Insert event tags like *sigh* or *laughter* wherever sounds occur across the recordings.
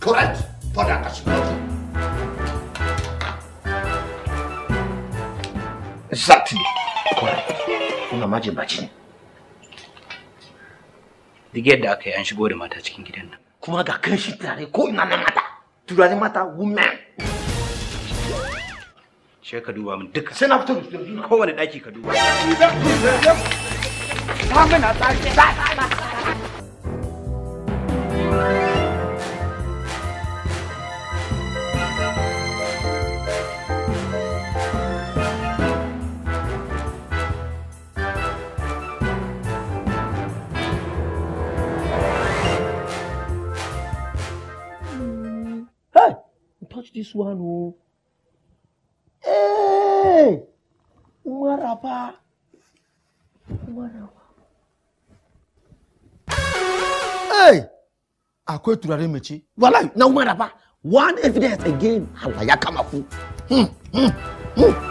Correct? Podam na śmierć. Exactly. Correct. Kuna maji bacin. Duk yadda aka yi an shigo da mata cikin gidan nan. Kuma ga kan shi turare ko ina na mata. mata women. Shi ka duba this one o hey! umara fa umara fa. Hey! akwai turare mace wallahi na umara one evidence again Allah ya kama Hmm, hmm, hmm.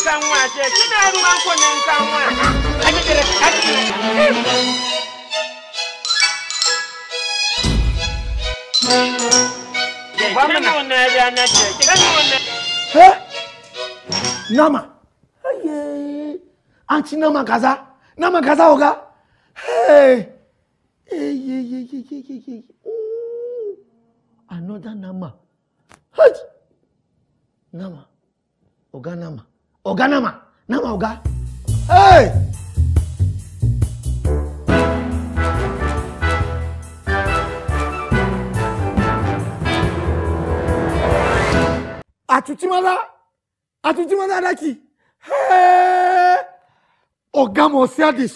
nka nwa ṣe kí ni arúgbó ń kó ní nka nwa akékeré káàkiri. nama aye anti nama kaza nama kaza oga hey hey, hey, hey, hey, hey. ye ooh mm. another nama hey nama oga nama ọ̀gá náà mà oga, mà ọ̀gá. Hey! àtútímọ́lá àtútímọ́lá adákì ọ̀gá mọ̀ sí àdìs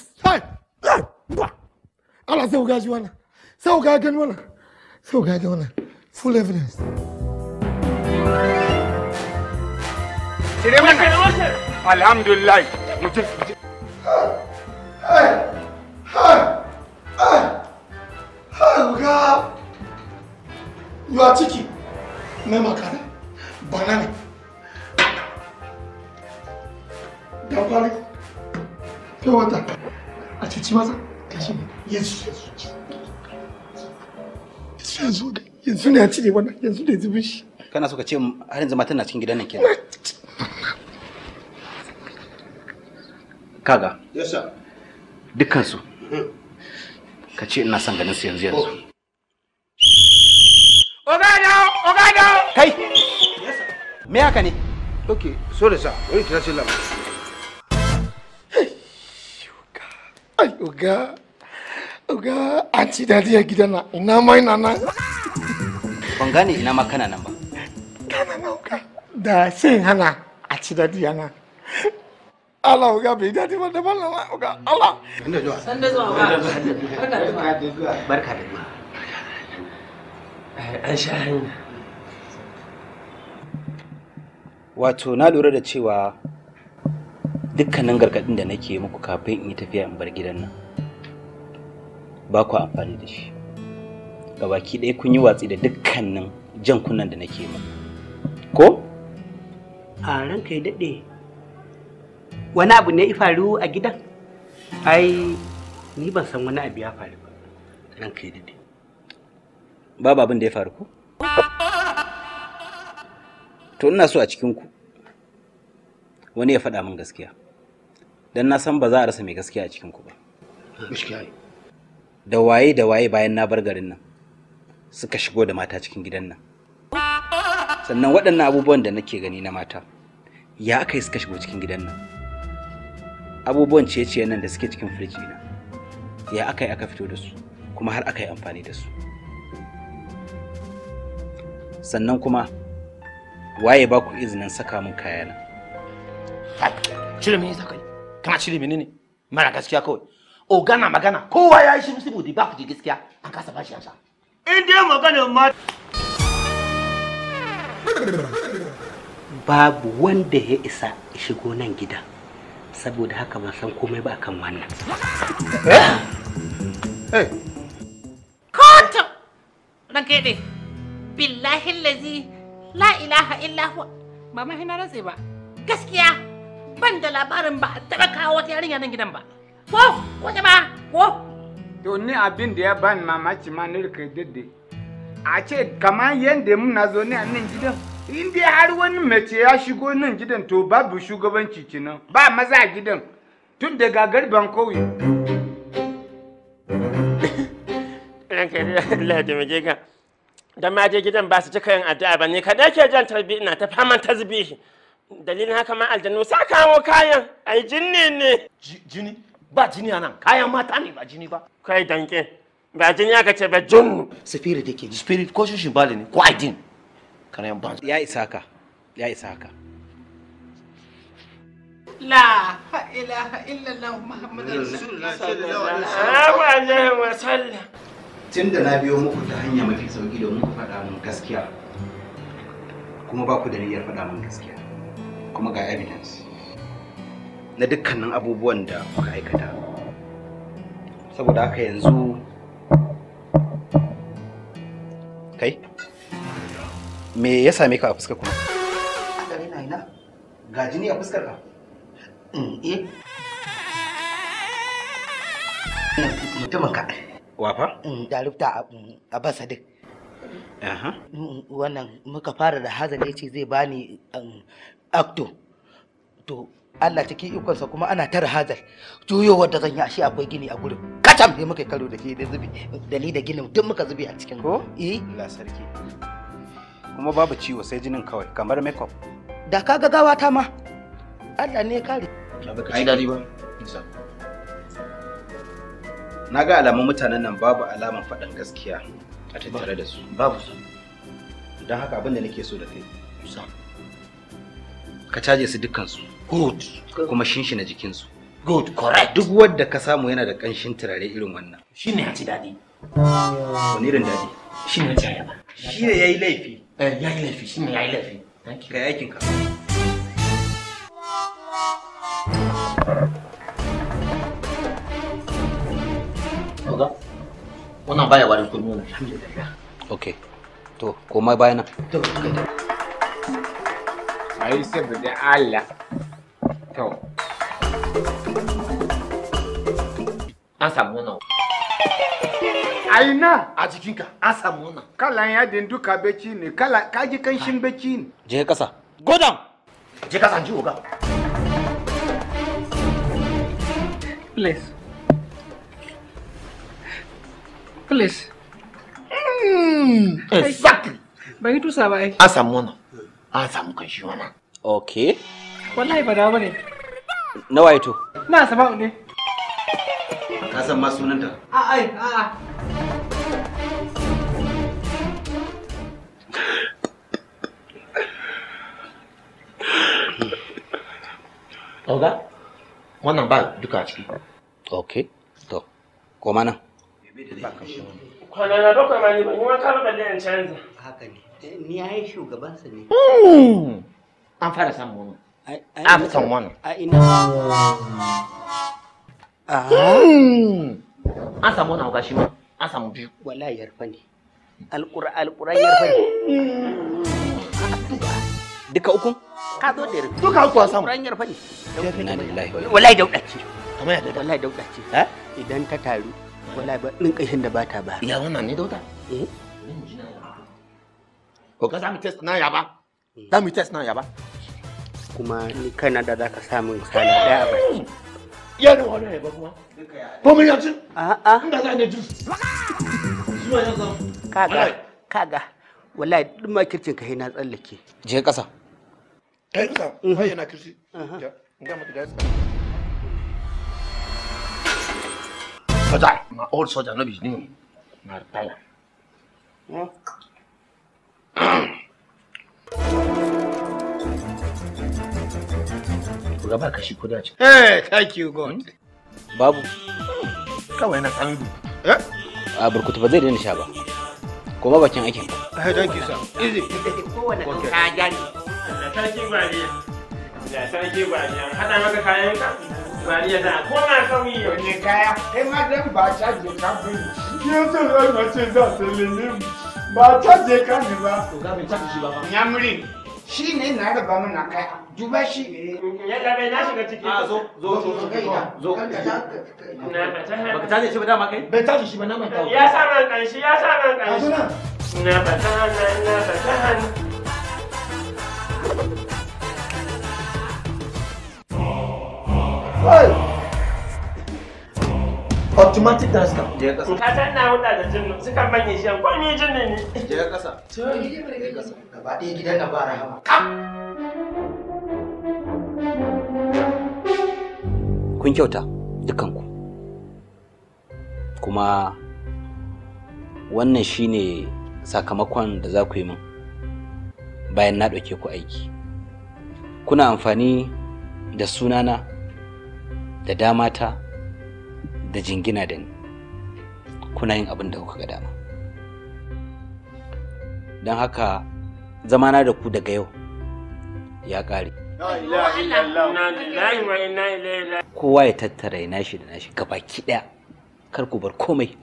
ala sẹ́wọ̀gá oga wọn na sẹ́wọ̀gá gẹ́ni wọn na sẹ́wọ̀gá gẹ́ni wọn na full evidence. cire mana alhamdulillah mu je yuwa ciki na makana banana dan kwali kai wata a cici masa kashi yesu yesu yanzu yanzu ne a cire wannan yanzu da zubin shi kana so ka ce har yanzu matan na cikin gidan nan kenan kaga su mm-hmm. ka ce ina son ganin su yanzu yanzu oh. ogado ogado kai me haka ne ok so da sa wani kira sai labar ai oga oga an ci dadi a na ina mai na nan ban gane ina ma kana nan ba kana nan oga da sai hana a ci dadi yana Allah ga bai dadi ba da ballan ga Allah inda zuwa san da zuwa barka da zuwa barka da zuwa an sha hanya wato na lura da cewa dukkanin gargadin da nake muku kafin in yi tafiya in bar gidan nan ba ku amfani da shi gabaki ɗaya kun yi watsi da dukkanin jan kunnan da nake muku ko a ranka ya daɗe wani abu ne ya faru a gidan ai ni ban san wani abu ya faru ba ranka ya dade babu abin da ya faru ko to ina so a cikin ku wani ya faɗa min gaskiya dan na san ba za a rasa mai gaskiya a cikin ku ba da waye da waye bayan na bar garin nan suka shigo da mata cikin gidan nan sannan waɗannan abubuwan da nake gani na mata ya aka yi suka shigo cikin gidan nan abubuwan ciye-ciye nan da suke cikin firiji na ya aka yi aka fito da su kuma har aka yi amfani da su sannan kuma waye ba ku izinin saka mun kayana cire mene zaka yi kana cire mene ne mara gaskiya kawai ogana magana kowa ya yi shi musu ba ku ji gaskiya an kasa bashi yansa in dai magana ma babu wanda ya isa shigo nan gidan saboda haka ban san komai ba akan wannan eh? eh? kotu ranka yadda billahi lazi la ilaha illahu ba ma hina ratse ba gaskiya ban da labarin ba a taɓa kawo wata yarinya nan gidan ba ko ko jama'a ko to ni abin da ya bani mamaci ma nirka rika a ce kamar yadda muna zo ne a nan gidan in dai har wani mace ya shigo nan gidan to babu shugabanci kenan ba maza a gidan tun daga garban kauye ranka da taimake ka don ma je gidan ba su cika yin addu'a ba ne ka dake jan tarbi ina ta faman tasbihi dalilin haka ma aljannu sa kawo kayan ai jinni ne jini ba jini anan kayan mata ne ba jini ba kai danke ba jini aka ce ba jinnu spirit dake. spirit ko shi ba bale ne ko aidin Kana ba ya isa ka. Ya isa ka. La ilaha illallah muhammadu Rasulullah sallallahu alaihi wasallam sallam. da na biyo muku ta hanya mafi sauki domin ku faɗa mun gaskiya. Kuma ba ku da niyyar faɗa mun gaskiya. Kuma ga evidence. Na dukkanin abubuwan da kuka aikata. Saboda haka yanzu kai? me ya same ka a fuskar kuma adare na ina ga jini a fuskar ka mm, eh mutumin ka wafa da mm, rufta a mm, basa duk wannan muka fara da hazan ya ce zai bani um, akto to Allah cikin ikonsa kuma ana tara hazar juyowar da zan yi ashe akwai gini a gurin katam sai muka karo da shi da zubi da ni da ginin duk muka zubi a cikin ko eh la sarki kuma babu ciwo sai jinin kawai kamar makeup da ka ga gawa ta ma Allah ne kare ai dadi ba na ga alamun mutanen nan babu alaman faɗan gaskiya a tattare da su babu su don haka abin da nake so da kai ka caje su dukkan su good kuma shinshina jikin su good correct duk wanda ka samu yana da kanshin turare irin wannan shine ya ci dadi wani irin dadi shine ya ci ayaba shine yayi laifi Eh, ya yi laifi shi ne yi laifi kira yakin ka Oga, wannan baya warin kulmi ne, alhamdulillah. Okay. To, komai baya nan. To, Ai saboda Allah. To. An samu nawa. a ina a jikinka an samu wannan kalan yadin duka beki ne kala kaji kanshin beki ne je kasa godan je kasa ji oga please please mm, exactly yi tusa ba ai an samu wannan an samu kanshi wannan okay wallahi ba da bane nawa ito na saba'u ne ka san ma sunanta a'a a'a Oga, wannan ba duka ciki. Ok, to, koma nan. kwanana ma ne ba, ni da canza. Haka ne, eh, ni ya yi ne. An fara samun wani. A ina. Ah. An samu wani ma, an samu biyu. wala yarfa ne. Alƙura, alƙura yarfa ne. Hmm. ka zo da yarfi duka kuwa samu ranyar fani yarfi na lillahi wallahi dauda ce kamar yadda wallahi dauda ce idan ta taru wallahi ba din kashin da bata ba ya wannan ne dauda eh ko ka samu test na yaba za eh. mu test na yaba kuma ni kana da zaka samu sana daya ba yana wani yaba kuma ko mun yanzu a'a inda za ne jus. juice kaga kaga wallahi duk makircin ka na tsallake je kasa ɗansa soja soja kashi ko Eh, thank you God. Hmm? Babu. Kawai na kan Eh? A burkutu ba zai daina sha ba. Kuma bakin aikin. Eh, thank you sir. Easy. Kowane ka jari. da sarki gwariya da sarki gwariya haɗa maka kayan ka gwariya da koma kauye wani kaya kai ma dan ba ta je ka bin yanzu zan mace za ta lele ba ta je ka ne ba to ga bin ta shi ba ya muri shi ne na raba mana kaya duba shi yadda bai na shiga ciki a zo zo zo zo zo baka tashi shi ba dama kai bai tashi shi ba na manta ya sa man kanshi ya sa man kanshi na fata na na fata automatic dance ka je kasa ka san na huda da jinnu suka manye shi ko ni jin ne ne. je kasa to je kasa gaba ɗaya gidan na bara hawa kun kyauta dukanku kuma wannan shine sakamakon da za ku yi min bayan na ɗauke ku aiki kuna amfani da sunana da damata da jingina da ni kuna yin abin da kuka ga dama don haka zamana da ku daga yau ya ƙare kowa ya tattara ya nashi da nashi gabaki ɗaya kar ku bar komai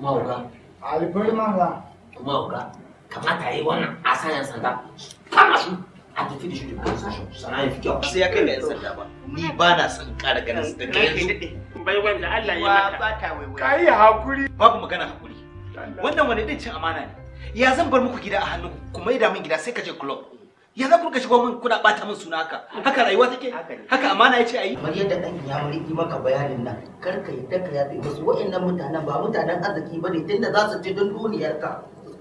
kuma kuma uga kamata a yi wannan asayan sanda kama su a tafi da shi da police station sana yi fi kyau sai ya kai ga sanda ba ni ba na san kara ganin su daga yanzu bai wanda Allah ya maka ka yi hakuri babu magana hakuri wannan wani din cin amana ne ya zan bar muku gida a hannun ku maida min gida sai ka je club ya za ku ka shigo min kuna bata min suna haka haka rayuwa take haka amana ya ce ayi kamar yadda dan ya muri yi maka bayanin nan kar ka yadda ka yafe musu wa'annan mutanen ba mutanen arziki bane tunda za su ci don duniyar ka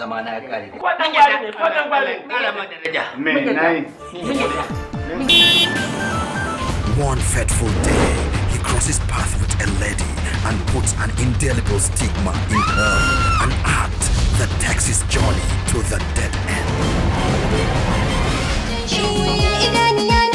One fateful day, he crosses path with a lady and puts an indelible stigma in her, an act that takes his journey to the dead end.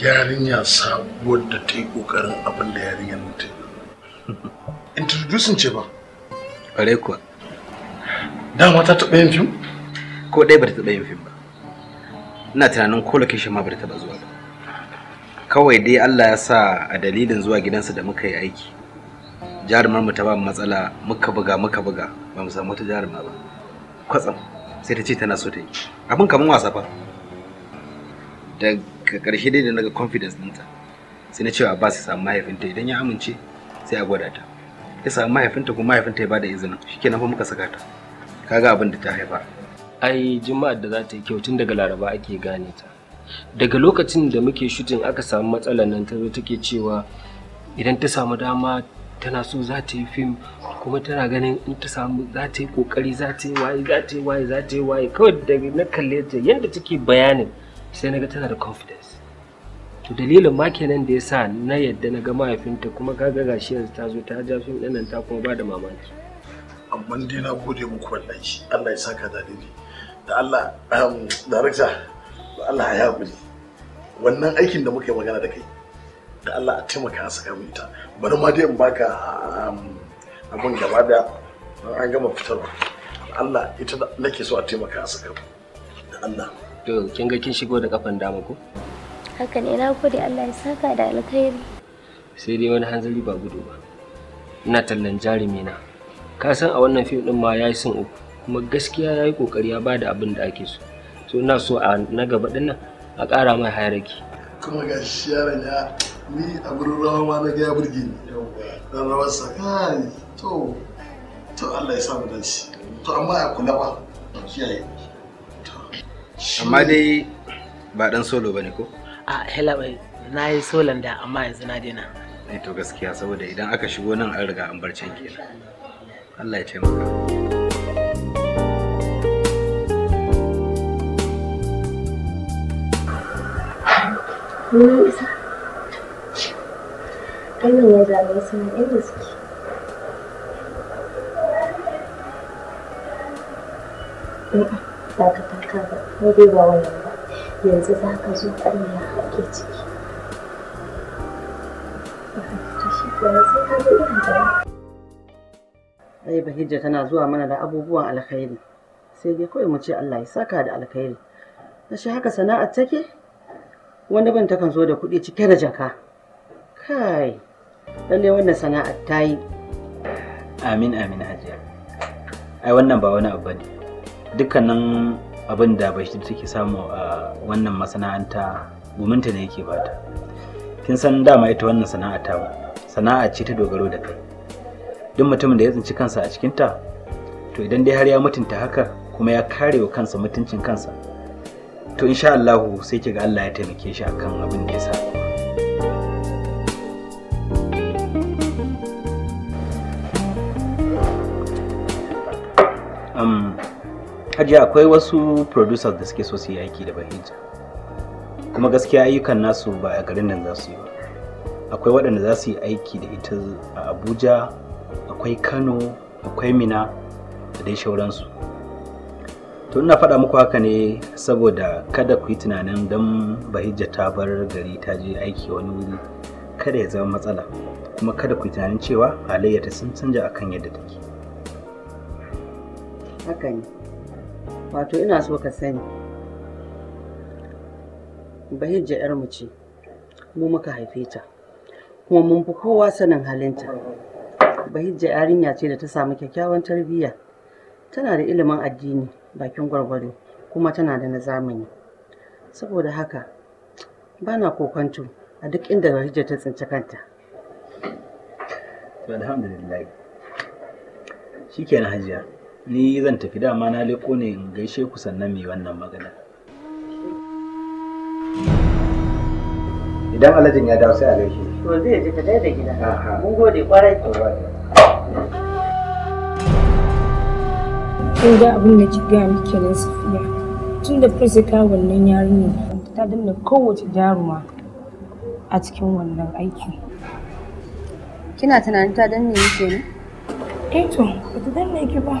yarinya sabuwar da ta yi kokarin abin da yarinyar ta yi. Introducing ce ba? Ƙware kuwa. Dama ta taɓa yin fim? Ko ɗaya bata taɓa yin fim ba. Ina tunanin ko location ma bata taɓa zuwa ba. Kawai dai Allah ya sa a dalilin zuwa gidansa da muka yi aiki. Jarumar mu ta ba matsala muka buga muka buga ba mu samu wata jaruma ba. Kwatsam sai ta ce tana so ta yi. Abin kamar wasa fa. Da ka karshe dai da naga confidence ɗinta sai na cewa ba su samu mahaifinta idan ya amince sai a gwada ta ya samu mahaifinta kuma mahaifinta ya bada izinin shikenan fa muka saka ta kaga abin da ta haifa ai juma'ar da za ta yi kyau tun daga laraba ake gane ta daga lokacin da muke shutin aka samu matsalar nan ta zo take cewa idan ta samu dama tana so za ta yi fim kuma tana ganin in ta samu za ta yi kokari za ta yi waye za ta yi waye za ta yi waye kawai daga na kalle ta yadda take bayanin sai na ga tana da confidence to dalilin ma kenan da yasa na yadda na ga mahaifinta kuma kaga gashi yanzu ta zo ta ja sun ɗin ta kuma ba da mamaki amma dai na gode muku wallahi Allah ya saka da dai da Allah um, director da Allah ya haƙuri wannan aikin da muka yi magana da kai da Allah a taimaka a saka ita bari ma dai in baka um, abun gaba da an gama fitarwa Allah ita nake so a taimaka a saka da Allah To kin ga kin shigo da kafan dama ko? Haka ne na gode Allah ya saka da alkhairi. Sai dai wani hanzari ba gudu ba. Ina tallan jarumi na. Ka san a wannan fim din ma yayi sun uku kuma gaskiya yayi kokari ya bada abin da ake so. So ina so a na gaba din nan a ƙara mai hayarki. Kuma ga shi yaron ya ni a gurin rawa ma na ga ya burge ni. Dan rawar sa kai to to Allah ya sa mu dace. To amma ya kula ba. Kiyaye. amma dai ba dan solo bane ko a hela bai na yi solon da amma yanzu na daina ne eh to gaskiya saboda idan aka shigo nan an riga an bar can kenan Allah ya taimaka ba ka taka ba ko dai ba wannan ba yanzu za ka zo ƙarya ake ciki Ai Bahijja tana zuwa mana da abubuwan alkhairi sai dai kawai mu ce Allah ya saka da alkhairi shi haka sana'ar take wani ban takan zo da kuɗi cike da jaka kai lallai wannan sana'ar ta yi amin amin hajiya ai wannan ba wani abu ne dukkanin abin da bai take samu a wannan masana'anta guminta ne yake bata kin san dama ita wannan sana'a ta ba, sana'a ce ta dogaro da kai duk mutumin da ya tsinci kansa a cikinta to idan dai har ya mutunta haka kuma ya kare wa kansa mutuncin kansa to insha Allah sai kiga Allah ya taimake shi akan abin da ya sa ji akwai wasu producers da suke so su yi aiki da bahija kuma gaskiya ayyukan nasu ba a garin nan za su yi akwai waɗanda za su yi aiki da ita a abuja akwai kano akwai mina da dai shauransu to ina faɗa muku haka ne saboda kada ku yi tunanin don bahija ta bar gari ta je aiki wani wuri kada ya zama matsala kuma kada ku yi tunanin cewa halayyata sun canja akan yadda take haka wato ina so ka sani bahijja yar mu ce mu muka haife ta kuma mun fi kowa sanin halinta bahijja yarinya ce da ta samu kyakkyawan tarbiyya tana da ilimin addini bakin gwargwado kuma tana da na zamani saboda haka bana kokonto a duk inda bahijja ta tsinci kanta to alhamdulillah shikenan hajiya ni zan tafi dama na leko ne in gaishe ku sannan mai wannan magana idan alajin ya dawo sai a gaishe to zai ji ta da gida mun gode kwarai kin ga abin da ki gaya miki ne safiya tun da fizika wannan yarinya ta danna kowace jaruma a cikin wannan aiki. kina tunanin ta danne yake ne? Eh to, ba ta danne yake ba.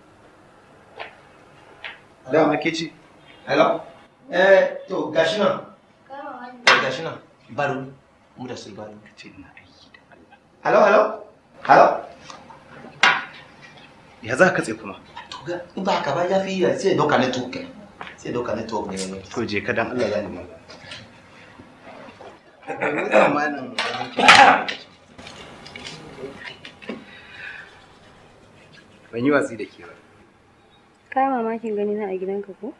dama ke hello eh to gashi nan gashi nan baro mu da ka ce aiki da Allah hello hello hello ya za ka tsaye kuma in ba ka ba ya fi sai doka to kai sai doka ne to to je ka dan Allah ya nima ban yi watsi da ke ba Ka mamakin gani na a gidanka ko?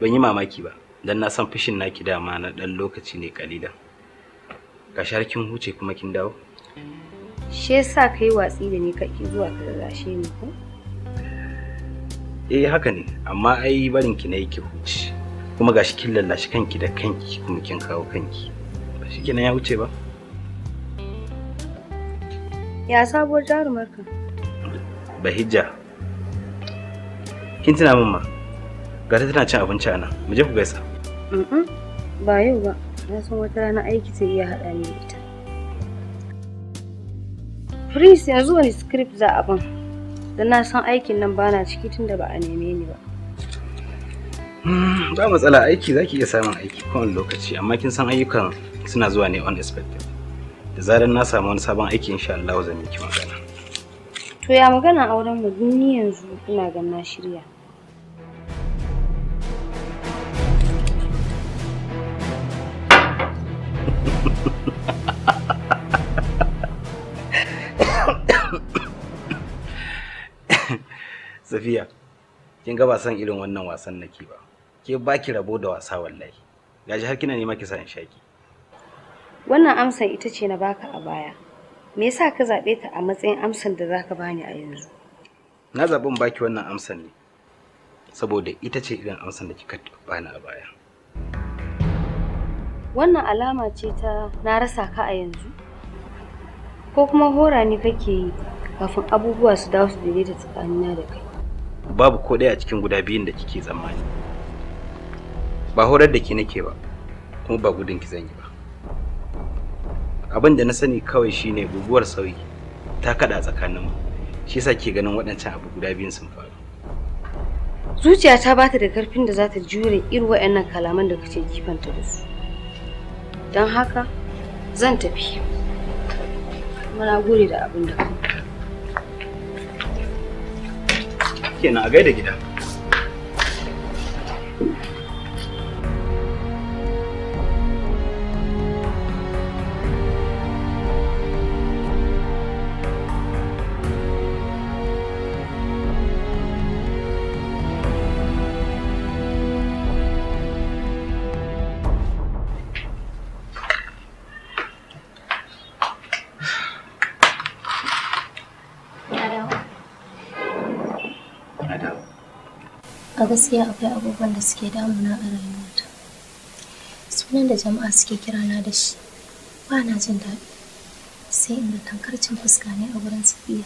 Ban yi mamaki ba, don na san fushin naki dama na ɗan lokaci ne kalilan. Ka sharkin huce kuma kin dawo? Shi yasa ka yi watsi da ni ka ki zuwa ka rarrashe ni ko? Eh haka ne, amma ai barin ki na yi ki huce. Kuma gashi kin lallashi kanki da kanki kuma kin kawo kanki. Ba shi kenan ya huce ba? Ya sabuwar jarumarka? Bahijja. kin tuna min ma ga ta tana cin abinci anan nan mu je ku gaisa ba yau ba na san wata rana aiki sai iya haɗa ni da ita Prince yanzu wani script za a ban da na san aikin nan bana ciki tunda ba a neme ni ba hmm, ba matsala aiki zaki iya samun aiki kowane lokaci amma kin san ayyukan suna zuwa ne unexpected da zarar na samu wani sabon aiki insha Allah zan miki magana to ya magana auren mu duniyan yanzu ina ganin na shirya tafiya kin ga ba san irin wannan wasan nake ba ke baki rabo da wasa wallahi gaji har kina nema ki sa in shaki wannan amsar ita ce na baka a baya me yasa ka zabe ta a matsayin amsar da zaka bani a yanzu na in baki wannan amsar ne saboda ita ce irin amsar da kika bani a baya wannan alama ce ta na rasa ka a yanzu ko kuma hora ne kake yi kafin abubuwa su dawo su daidaita tsakanina da kai babu ko ɗaya a cikin guda biyun da kike tsammani ba horar da ke nake ba kuma ba gudun ki zan yi ba abin da na sani kawai shine guguwar sauyi ta kada tsakaninmu shi yasa ke ganin waɗancan abu guda biyun sun faru zuciyata ba ta da karfin da za ta jure irin waɗannan kalaman da kace kifanta da su don haka zan tafi muna gode da abin da kenan a gaida gida gaskiya akwai abubuwan da suke damuna a rayuwata sunan da jama'a suke kira na da shi ba na jin daɗi sai inda tankarcin fuska ne a wurin safiya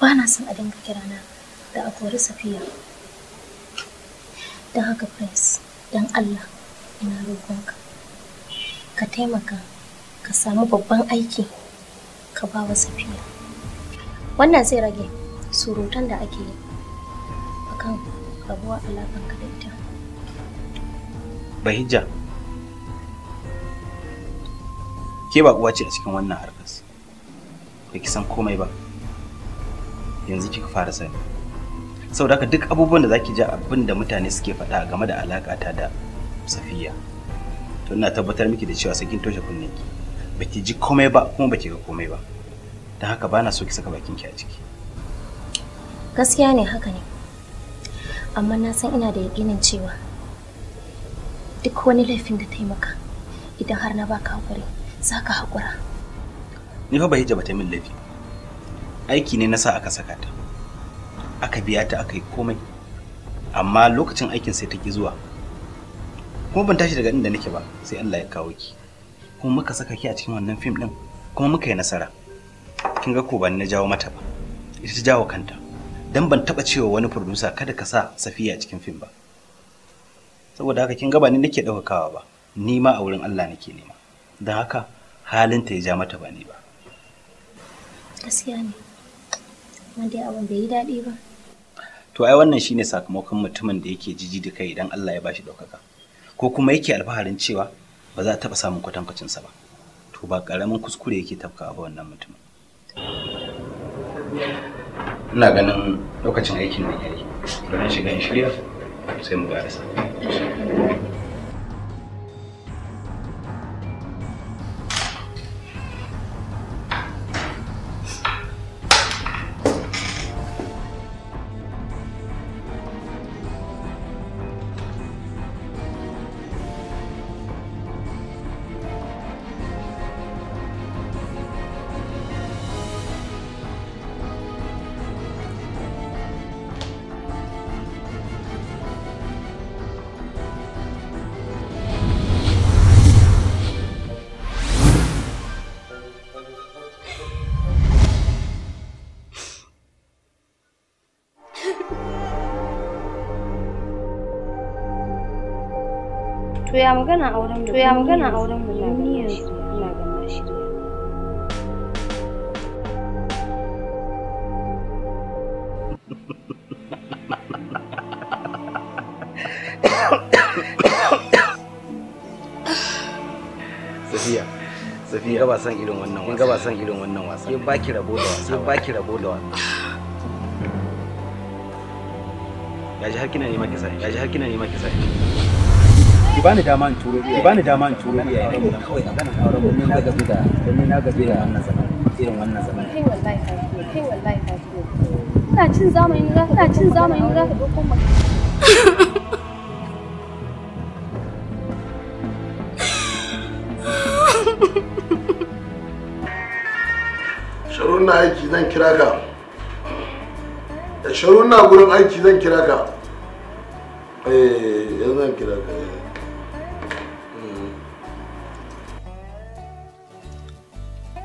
ba na son a dinga kira na da a kori safiya don haka prince don allah ina roƙonka ka taimaka ka samu babban aiki ka ba wa safiya wannan zai rage surutan da ake yi akan rabuwa alaƙar ka da ita bahijja ke ba uwa ce a cikin wannan harkas ba ki san komai ba yanzu kika fara sani saboda haka duk abubuwan da zaki ji abin da mutane suke faɗa game da alaƙata da safiya to ina tabbatar miki da cewa sakin toshe kunne ki baki ji komai ba kuma baki ga komai ba don haka bana so ki saka bakin ki a ciki gaskiya ne haka ne amma na san ina da yakinin cewa duk wani laifin da maka idan har na baka hakuri za ka hakura ni fa bai ba ta min laifi aiki ne na sa aka saka ta aka biya ta aka yi komai amma lokacin aikin sai ta ki zuwa kuma ban tashi daga inda nake ba sai Allah ya kawo ki kuma muka saka ki a cikin wannan fim din kuma muka yi nasara kin ga ko ba ni na jawo mata ba ita ta jawo kanta dan ban taba cewa wani furdusa, kada ka sa safiya cikin fim ba saboda haka kin gaba ni nake ɗaukakawa ba ni ma a wurin Allah nake nema don haka halinta ya ja mata ba ni ba gaskiya ne wanda abin bai yi daɗi ba to ai wannan shine sakamakon mutumin da yake jiji da kai idan Allah ya bashi ɗaukaka ko kuma yake alfaharin cewa ba za a taba samun sa ba to ba karamin kuskure yake tafka ba wannan mutumin ina ganin lokacin aikin da yayi don shiga in shirya sai mu sa ya magana auren to ya magana auren mu na ina ga na shirya Safiya, Safiya ba san irin wannan wasa. Ba san irin wannan wasa. Yin baki rabo da wasa. Yin baki rabo da wasa. Yaji har kina neman kisa. Yaji har kina neman kisa. ki bani dama in turo ki bani dama in turo ki yayin kawai a ganin auren mun ga da na gabi da wannan zaman irin wannan zaman kai wallahi kai wallahi cin zamanin za kana cin zamanin za ka mu aiki zan kira ka. Da gurin aiki zan kira ka. Eh, yanzu zan kira ka.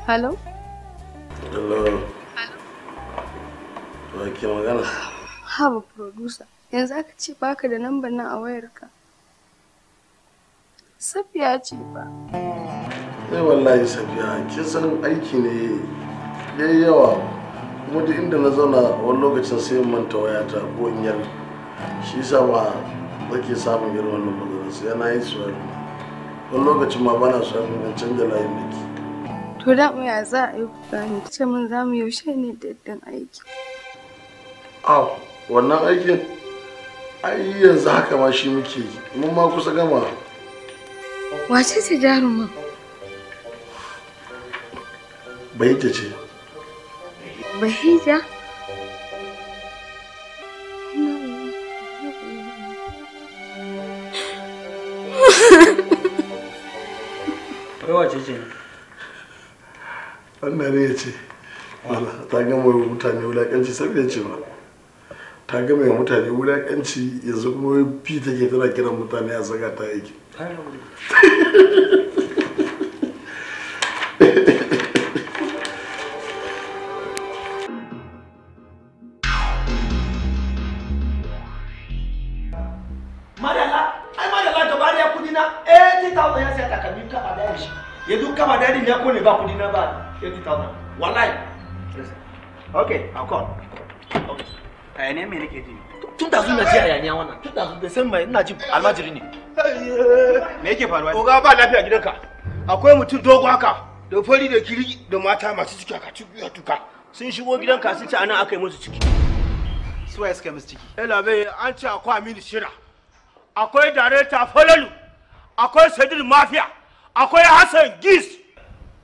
Hello? Hello. Hello. ke magana? Haba producer, yanzu aka ce baka da namban nan a wayarka. Safiya ce ba. Sai eh, wallahi Safiya, kin san aiki ne yayi yawa. Kuma duk inda na zauna wani lokacin sai in manta wayata ko in yar. Shi yasa ba nake samun irin wannan magana sai na yi suwar. Wani lokacin ma bana suwar in canza layin da ke. To da mu ya za a yi kudani ce mun za mu yaushe ne da daddin aiki. Aw, wannan aikin ai yanzu haka ma shi muke yi. Mun ma kusa gama. Wace ce jarumin? Bahija ce. Bahija? Wai wace ce? wannan ne ya ce ta gama wa mutane wulaƙanci saboda ce ba ta gama wa mutane wulaƙanci yanzu kuma bi ta take tana kiran mutane a saka ta aiki *laughs* twenty thousand wallahi okay i'll call a ne me nake ji tun da sun ji ayaniya wannan tun da sun mai ina ji almajiri ne me yake faruwa oga ba lafiya gidanka akwai mutum dogo haka da fari da kiri da mata masu ciki haka ciki tuka sun shigo gidanka sun ce anan aka yi musu ciki suwa suka musu ciki eh labe an ce akwai aminu shira akwai dareta falalu akwai sadir mafia akwai hassan gis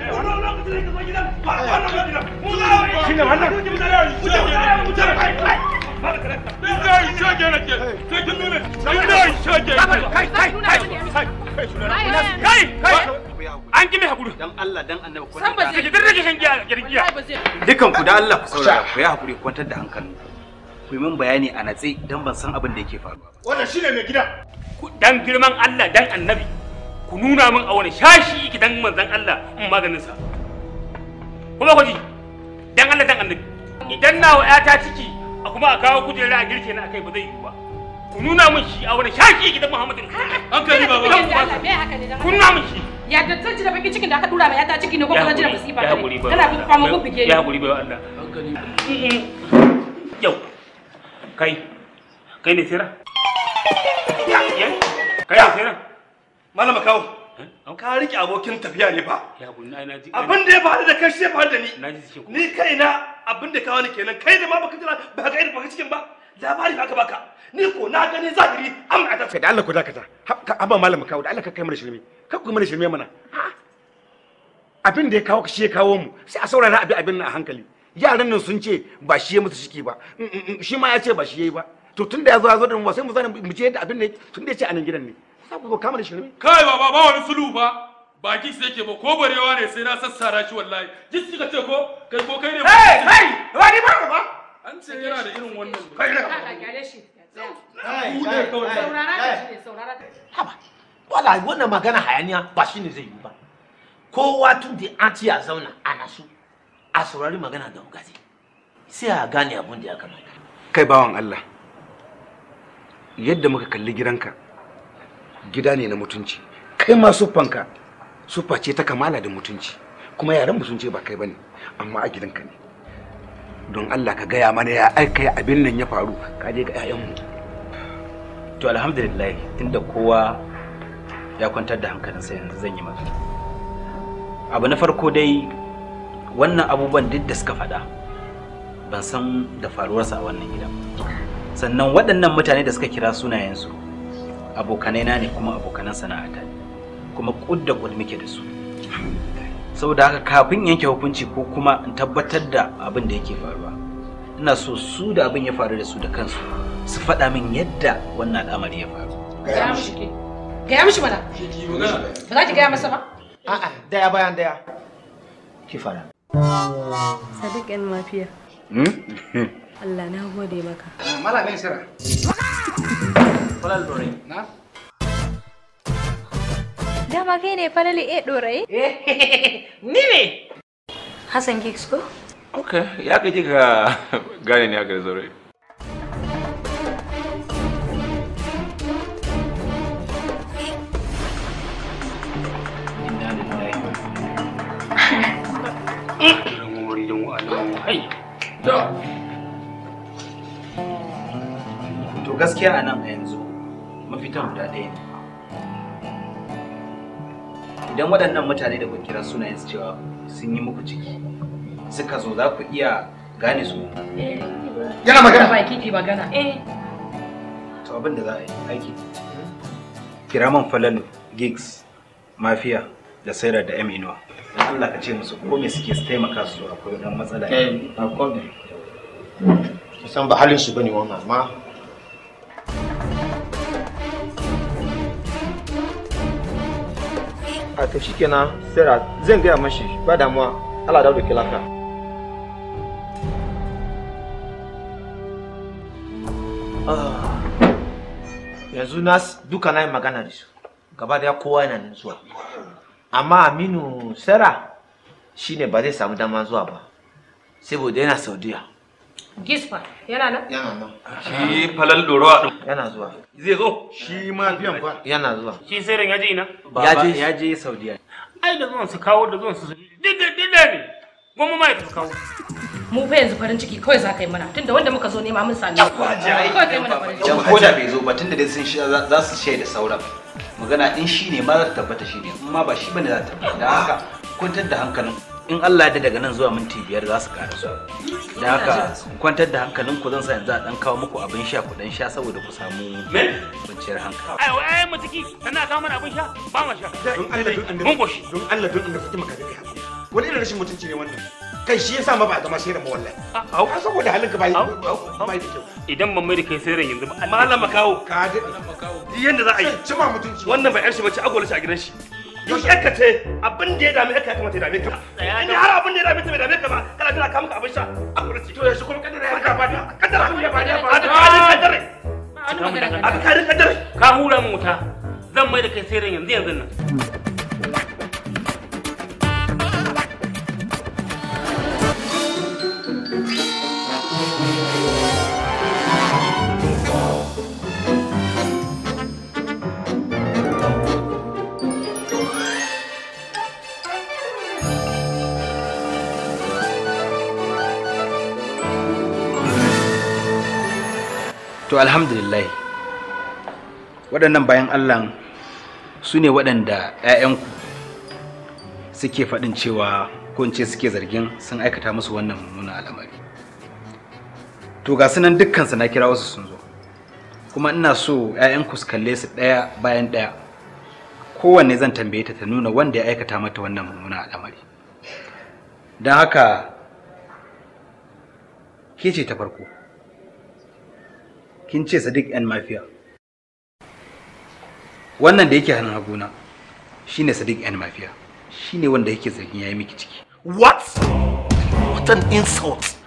an gini hakuri dan Allah dan annabi kwantar da hankali dan rage shan giya dukan ku da Allah ku saurara ku yi hakuri kwantar da hankali ku yi min bayani a natse dan ban san abin da yake faruwa wannan shine mai gida dan girman Allah dan annabi ku nuna min a wani shashi dan manzan Allah in maganin sa kuma ku ji dan Allah dan annabi idan na wa ta ciki a kuma a kawo kujera a girke na akai ba zai yi ba ku nuna min shi a wani shashi gidan Muhammadu hankali baba ku nuna min shi ya da ji da baki cikin da aka dura ma ya ta ciki ne ko kuma jira musiba ne kana bi kwa mu bige ne ya hakuri bai Allah hankali yau kai kai ne sira kai ne sira Malam kawo eh? ka rike abokin tafiya ne fa abin da ya faru da kai shi ya faru da ni ni kaina abin da kawo ni kenan kai da ma baka jira ba ka irin baka cikin ba labari ba ka baka ni ko na gani zahiri an ka tafi da Allah ku dakata abba malam kawo da Allah ka kai mana shirme ka ku mana shirme mana abin da ya kawo shi ya kawo mu sai a saurara abin abin a hankali yaran nan sun ce ba shi ya musu shiki ba mm, mm, mm, shi ma ya ce ba shi yayi ba to tun da ya zo ya zo da mu sai mu zana mu je yadda abin ne tun da ya ce a nan gidan ne Abu kama da shirme. Kai baba ba wani sulu ba. Baki sai ke ba ko barewa ne sai na sassara shi wallahi. Jis kika ce ko kai ko kai ne. Hey kai ba ni ba ba. An ce yana da irin wannan. Kai ne. Ka gare shi. Wallahi wannan magana hayaniya ba shi ne zai yi ba. Kowa tun da an ci a zauna ana so a saurari magana da ugaze. Sai a gane abun da ya kamata. Kai bawan Allah. Yadda muka kalli gidanka gida ne na mutunci kai ma siffanka siffa ce ta kamala da mutunci kuma yaran mu sun ce ba kai bane amma a gidanka ne don Allah ka gaya mana ya aika abin nan ya faru ka je ga mu to alhamdulillah inda kowa ya kwantar da hankalinsa yanzu zan yi magana abu na farko dai wannan abubuwan duk da suka faɗa ban san da faruwarsa a wannan gidan sannan waɗannan mutane da suka kira sunayen su. abokanai na ne kuma abokanan sana'ata kuma kud da kud muke da su saboda haka kafin yanke hukunci ko kuma in tabbatar da abin da yake faruwa ina so su da abin ya faru da su da kansu su faɗa min yadda wannan al'amari ya faru gaya mishi ke gaya mishi mana ba za ki gaya masa ba a'a daya bayan daya ki fara sadiq yan mafiya hmm? *laughs* Allah na gode maka malamin sira falal ɗorayi na dama kai ne falali e ɗorayi eh, ni ne hassan ko ok ya kai kika gane ne aka zaure To gaskiya a mafita guda ɗaya ne idan waɗannan mutane da kun kira sunayen su cewa sun yi muku ciki suka zo za ku iya gane su yana magana ba kiki magana eh to abin da za a yi aiki kira man falalu gigs mafia da sayar da eminuwa don Allah ka ce musu ko me suke su taimaka su akwai wani matsala eh akwai san ba halin su bane wannan amma a to kenan sera zan gaya mashi ba damuwa Allah da ke ah, yanzu nas duka na yi magana da su gaba daya kowa yana nan zuwa amma aminu sera shine ba zai samu dama zuwa ba saboda yana saudiya Gisfa yana nan? Yana nan. Shi falal dorowa ɗin. Yana zuwa. Zai zo? Shi ma biyan Yana zuwa. Shi sai ran yaje ina? Ya je Saudiya. Ai da zuwan su kawo da zuwan su dinda dinda ne. Gwamma farin ciki kawai za ka mana tunda wanda muka zo nema mun sami. jan bai zo ba tunda dai sun za su shaida saura Magana in shi ne ma za ta tabbata shi ne, ba shi bane za Da haka da hankalinku. in Allah da daga nan zuwa minti biyar za su karasu da haka kwantar da hankalin ku zan sa yanzu a dan kawo muku abin sha ku dan sha saboda ku samu kwanciyar hankali ai wai ai mutiki kana kawo mana abin sha ba ma sha don Allah don Allah mun goshi don Allah don Allah fitima ka haka wani irin rashin mutunci ne wannan kai shi yasa ma ba a gama da ba wallahi ah, au saboda halinka ba bai ba kyau idan ban mai da kai ran yanzu ba malama kawo ka dade yanda za a yi cima mutunci wannan ba yar shi bace agwala shi a gidan shi in ka ce abin da ya dame ka kamata ya dame ka in har abin da ya dame bai dame ka ba kana tana kama ka abin sha a kurci to kuma kadara ya kadara ya ba da kadara kadara ka hura zan mai da kai sai yanzu yanzu nan to alhamdulillah waɗannan bayan allah su ne waɗanda 'ya'yanku suke faɗin cewa kunce suke zargin sun aikata musu wannan mummunan al'amari to ga sunan dukkansa na kira wasu sun zo kuma ina so 'ya'yanku su kalle su ɗaya bayan ɗaya kowanne zan tambaye ta ta nuna wanda ya aikata mata wannan mummunan al'amari don haka ke ce ta farko kin ce sadiq yan mafiya wannan da yake hannun haguna shine sadiq yan mafiya shine wanda yake zargin yayi miki ciki what what an insult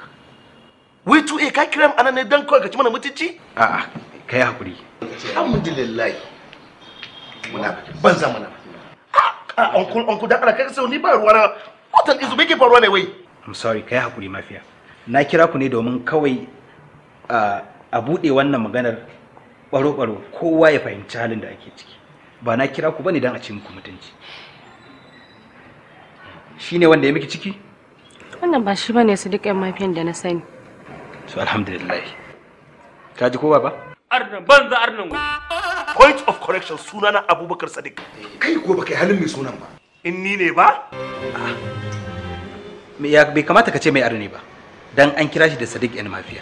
we to a kai kiram anan ne dan kawai ka ci mana mutunci a'a kai hakuri alhamdulillah muna banza na. a uncle uncle da Allah kai sai ni ba ruwa na what an insult bike faruwa ne wai i'm sorry kai hakuri mafiya na kira ku ne domin kawai ah, a buɗe wannan maganar ɓaro-ɓaro kowa ya fahimci halin da ake ciki ba na kira ku bane don a ci muku mutunci shi ne wanda ya miki ciki wannan ba shi bane su duk yan mafiyan da na sani su alhamdulillah ka ji kowa ba arnan za arnan point of correction sunana abubakar sadiq kai ko kai halin mai sunan ba in ni ne ba ah. bai kamata ka ce mai arni ba dan an kira shi da sadiq yan mafiya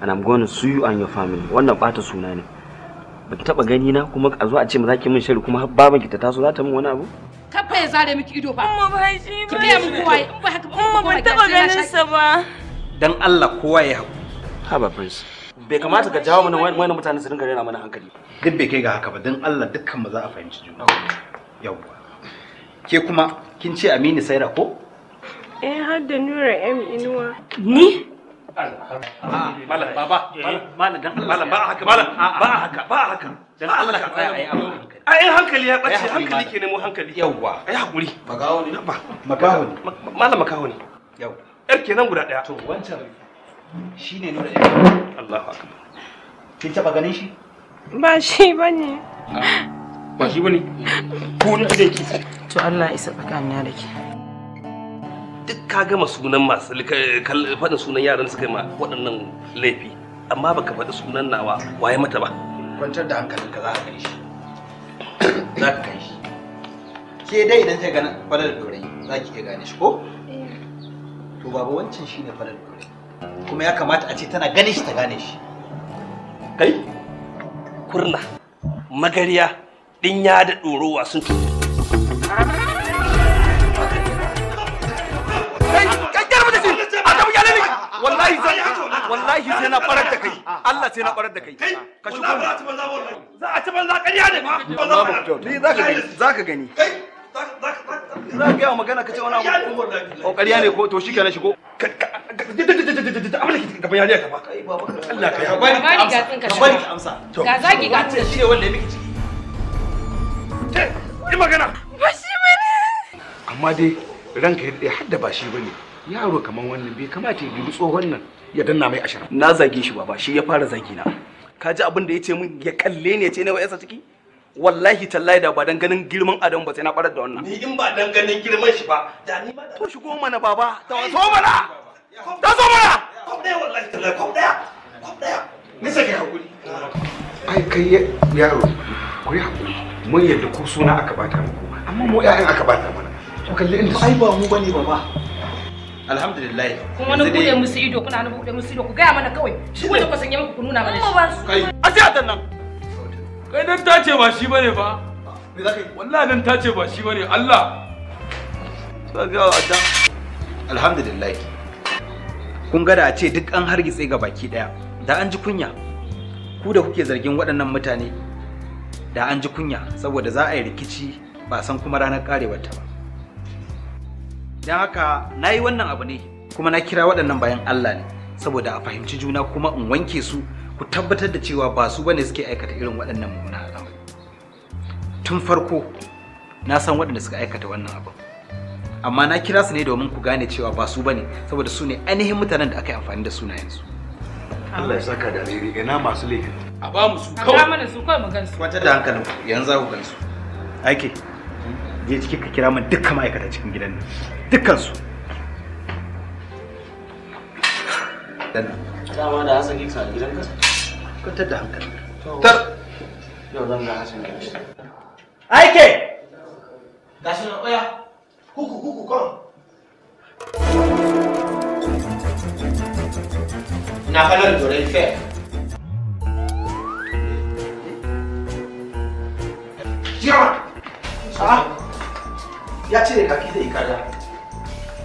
and I'm going to sue you and your family wannan bata suna ne baki taba gani na kuma a zo a ce ma zaki min shari kuma baban ki ta taso za ta min wani abu kafa ya zare miki ido ba amma ba shi ba ki ga mu kowa in ba haka ba ban taba ganin sa ba dan Allah kowa ya haku ba prince bai kamata ka jawo mana wani mutane su dinga rena mana hankali duk bai kai ga haka ba dan Allah dukkan mu za a fahimci juna yawwa ke kuma kin ce Aminu Saira ko eh har da Nura M Inuwa ni Ah, malam baba eh, malam dan ba haka malam ah, ah, ba haka ba haka dan Allah ka tsaya ai hankali ya bace hankali hankali yawa ai hakuri magawo ne ba magawo ne malam ne yau yar kenan guda daya to wancan shine Allahu akbar kin taba ganin shi ba shi bane ba shi bane ko ni da to Allah isa tsakanina da ke duk ka gama sunan masu faɗin sunan yaran suka ma waɗannan laifi amma baka faɗi sunan nawa waye mata ba kwantar da ka za ka kai shi *coughs* za ka kai shi ke dai idan ta gana falar dorai za ki iya gane shi ko eh. to baba wancan shine falar dorai kuma ya kamata a ce tana ganin shi ta gane shi kai kurna magariya ɗin ya da ɗorowa sun tutu wallahi sai wallahi sai na farar da kai ah, ah, Allah sai na ah. farar da kai ka shi kuma za a ci banza ƙarya ne ni za ka gani za ka gani za ka ga magana ka ce wani abu ko oh, ƙarya ne ko to shi kenan shigo ka yariya ka ba ka ka ka zagi ga ya miki ba shi amma dai ranka ya ba shi yaro kaman wannan bai kamata ya dubi tsohon nan ya danna mai ashirin na zage shi baba shi ya fara zagi na ka ji abin da ya ce min ya kalle ne ya ce ne wa yasa ciki wallahi tallahi da ba dan ganin girman adam ba sai na farar da wannan ni in ba dan ganin girman shi ba da ni ba to shigo mana baba ta so mana ta so mana kwam daya wallahi tallahi kwam daya kwam daya ni sake hakuri ai kai yaro ku yi hakuri mun yadda ku suna aka bata muku amma mu ƴaƴan aka bata mana to kalli inda ai ba mu bane baba alhamdulillah kuma wani bude musu ido kuna na bude musu ido ku gaya mana kawai shi wanda ku sanya muku ku nuna mana shi kai a ce atan nan kai dan ta ce ba shi bane ba me za kai wallahi dan ta ce ba shi bane Allah ga atan alhamdulillah kun ga da a ce duk an hargitse ga baki daya da an ji kunya ku da kuke zargin waɗannan mutane da an ji kunya saboda za a yi rikici ba san kuma ranar karewar ta ba don haka na yi wannan abu ne kuma na kira waɗannan bayan Allah ne saboda a fahimci juna kuma in wanke su ku tabbatar da cewa ba su bane suke aikata irin waɗannan mummunan al'amari tun farko na san waɗanda suka aikata wannan abu amma na kira su ne domin ku gane cewa ba su bane saboda su ne ainihin mutanen da aka yi amfani da su. Allah ya saka da alheri ina masu laifin a ba mu su kawai a mana su kawai mu gansu wata da hankalin yanzu za ku gansu aike je ciki ka kira min dukkan ma'aikata cikin gidan nan dukansu dama da hasan yake a gidanka kwantar da hankali tar yau zan ga hasan aike gashi oya huku huku kada.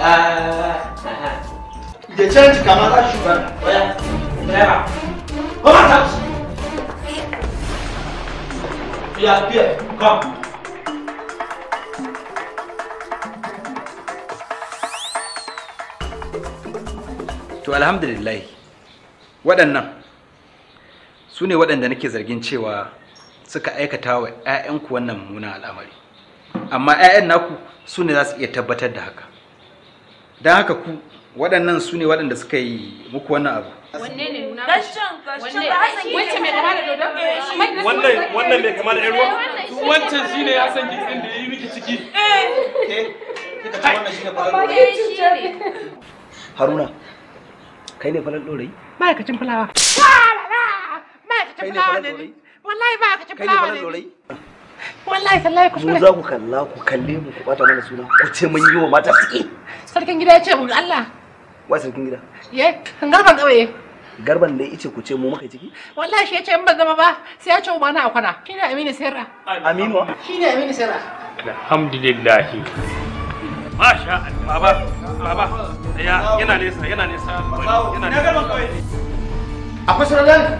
da eh, eh, eh. canji kama za shi shugaba waya come out house here here come to alhamdulillah waɗannan su ne waɗanda nake zargin cewa suka aikata wa 'ya'yanku wannan muna al'amari amma 'ya'yan naku su ne za su iya tabbatar da haka don haka ku waɗannan su ne waɗanda suka yi muku wannan abu wanne ne nuna gashin mai kama da dodo eh, wannan wannan mai kama da ruwa wancan shine ya san gidin da yi miki ciki eh kika ci wannan shine faran dorayi haruna kai ne faran dorayi ma'aikacin fulawa ma'aikacin fulawa ne wallahi ma'aikacin fulawa ne wallahi tallahi kuskure mu za ku kalla ku kalle mu ku bata mana suna ku ce mun yi wa mata suke sarkin gida ya ce mun Allah wai sarkin gida ye garban kauye garban da yace ku ce mu muka ciki wallahi shi yace in ban zama ba sai ya ce na a kwana shine Aminu Sirra Aminu shine Aminu Sirra alhamdulillah Masha Allah. Baba, baba, yana nesa, yana nesa, yana nesa. Akwai sauran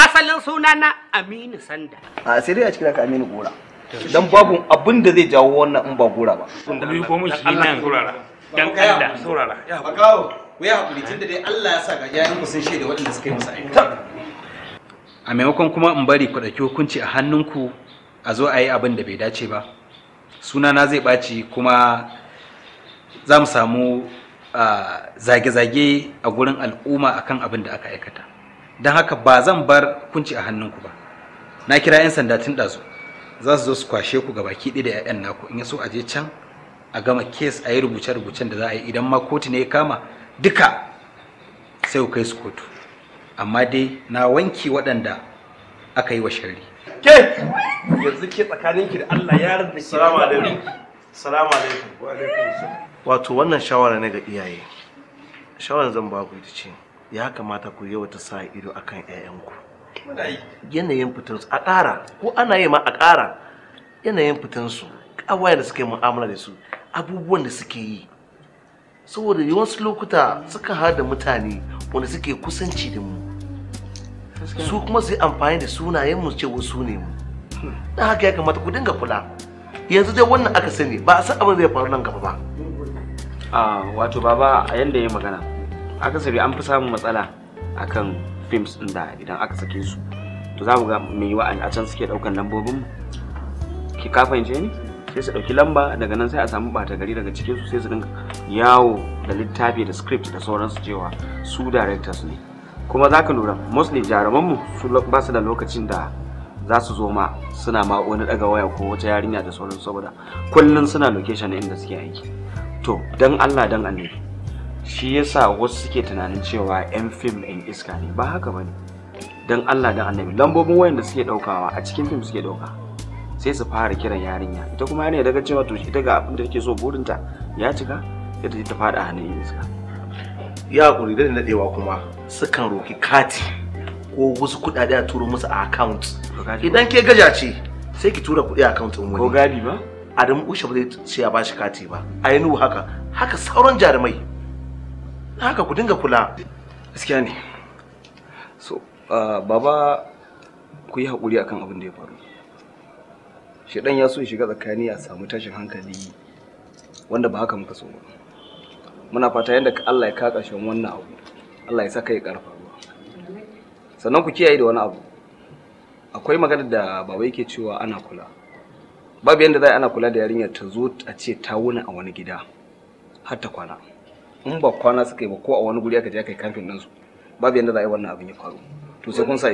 asalin suna na aminu sanda a sai dai a cikin ka aminu gora dan babu abin da zai jawo wannan in ba gora ba kun ko mun shi nan dan Allah saurara ya ba kawo ku ya hakuri tunda dai Allah ya sa ga yayin ku sun shaida wadanda suka yi musu aiki a maimakon kuma in bari ku dauki hukunci a hannunku a zo a yi abin da bai dace ba sunana zai ɓaci kuma za mu samu ah, zage-zage a gurin al'umma akan abin da aka aikata don haka ba zan bar kunci a hannunku ba na kira 'yan sanda tun ɗazu za su zo su kwashe ku ga baki ɗaya da 'ya'yan naku in so a je can a gama kes a yi rubuce-rubucen da za a yi idan ma kotu ne ya kama duka sai ku kai su kotu amma dai na wanki waɗanda aka yi wa sharri ke yanzu ke tsakaninki da Allah ya da salamu alaikum salamu alaikum wa alaikum wato wannan shawara ne ga iyaye shawaran zan ba ku ita ce ya kamata ku yawata sa ido akan 'ya'yanku yanayin su a ƙara ko ana yi ma a ƙara yanayin fitansu ƙawayen da suke mu'amala da su abubuwan da suke yi saboda yawansu lokuta suka da mutane wanda suke kusanci da mu su kuma su yi amfani da sunayen mu cewa su ne mu na haka ya kamata ku dinga kula yanzu dai wannan aka sani ba a san abin zai faru nan gaba ba ah, wato baba a yanda ya magana akasari an fi samun matsala akan films din da idan aka sake su to za mu ga yi yiwa a can suke daukan lambobin mu? ki ka fahimce ni sai su dauki lamba daga nan sai a samu bata gari daga cikin su sai su dinga yawo da littafi da script da sauransu cewa su directors ne kuma za ka lura mostly jarumanmu su ba su da lokacin da za su zo ma suna ma wani daga waya ko wata yarinya da sauransu saboda kullum suna location inda suke aiki to dan Allah dan annabi shi yasa wasu suke tunanin cewa 'yan fim 'yan iska ne ba haka ba ne don allah da annabi lambobin wayan da suke daukawa a cikin fim suke dauka sai su fara kiran yarinya ita kuma yarinya daga cewa to ita ga abin da take so burinta ya cika sai ta ta fada hannun iska ya kuri da nadewa kuma sukan roki kati ko wasu kuɗaɗe a turo musu a account idan ke gaja ce sai ki tura kuɗi a account ɗin wani ko gadi ba Adamu Usha ba zai ce ya bashi kati ba ainihu haka haka sauran jarumai haka ku dinga kula gaskiya ne so ah, baba ku yi haƙuri akan abin da ya faru shedan ya so ya shiga tsakani a samu tashin hankali wanda ba haka muka so ba muna fata yadda Allah ya kaka shan wannan abu Allah ya saka ya karfa ruwa sannan ku kiyaye da wani abu akwai magana da baba yake cewa ana kula babu yadda za a ana kula da yarinyar ta zo a ce ta wuni a wani gida har ta kwana in ba kwana suka yi ba ko a wani guri aka je aka yi kamfin ɗinsu babu yadda za a yi wannan abin ya faru to sai kun sa